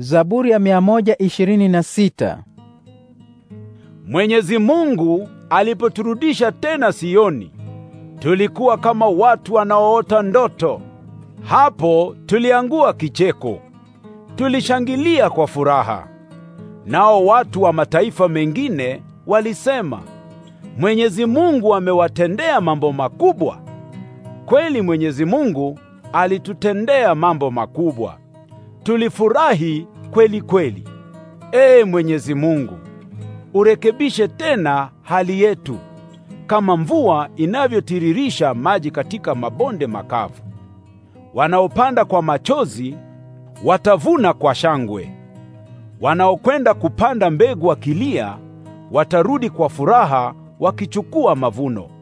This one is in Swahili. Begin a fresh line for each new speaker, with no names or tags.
Zaburi ya 126.
Mwenyezi Mungu alipoturudisha tena Sioni, tulikuwa kama watu wanaoota ndoto. Hapo tuliangua kicheko, tulishangilia kwa furaha. Nao watu wa mataifa mengine walisema, Mwenyezi Mungu amewatendea mambo makubwa. Kweli Mwenyezi Mungu alitutendea mambo makubwa tulifurahi kweli kweli. Ee Mwenyezi Mungu, urekebishe tena hali yetu kama mvua inavyotiririsha maji katika mabonde makavu. Wanaopanda kwa machozi watavuna kwa shangwe. Wanaokwenda kupanda mbegu wakilia watarudi kwa furaha wakichukua mavuno.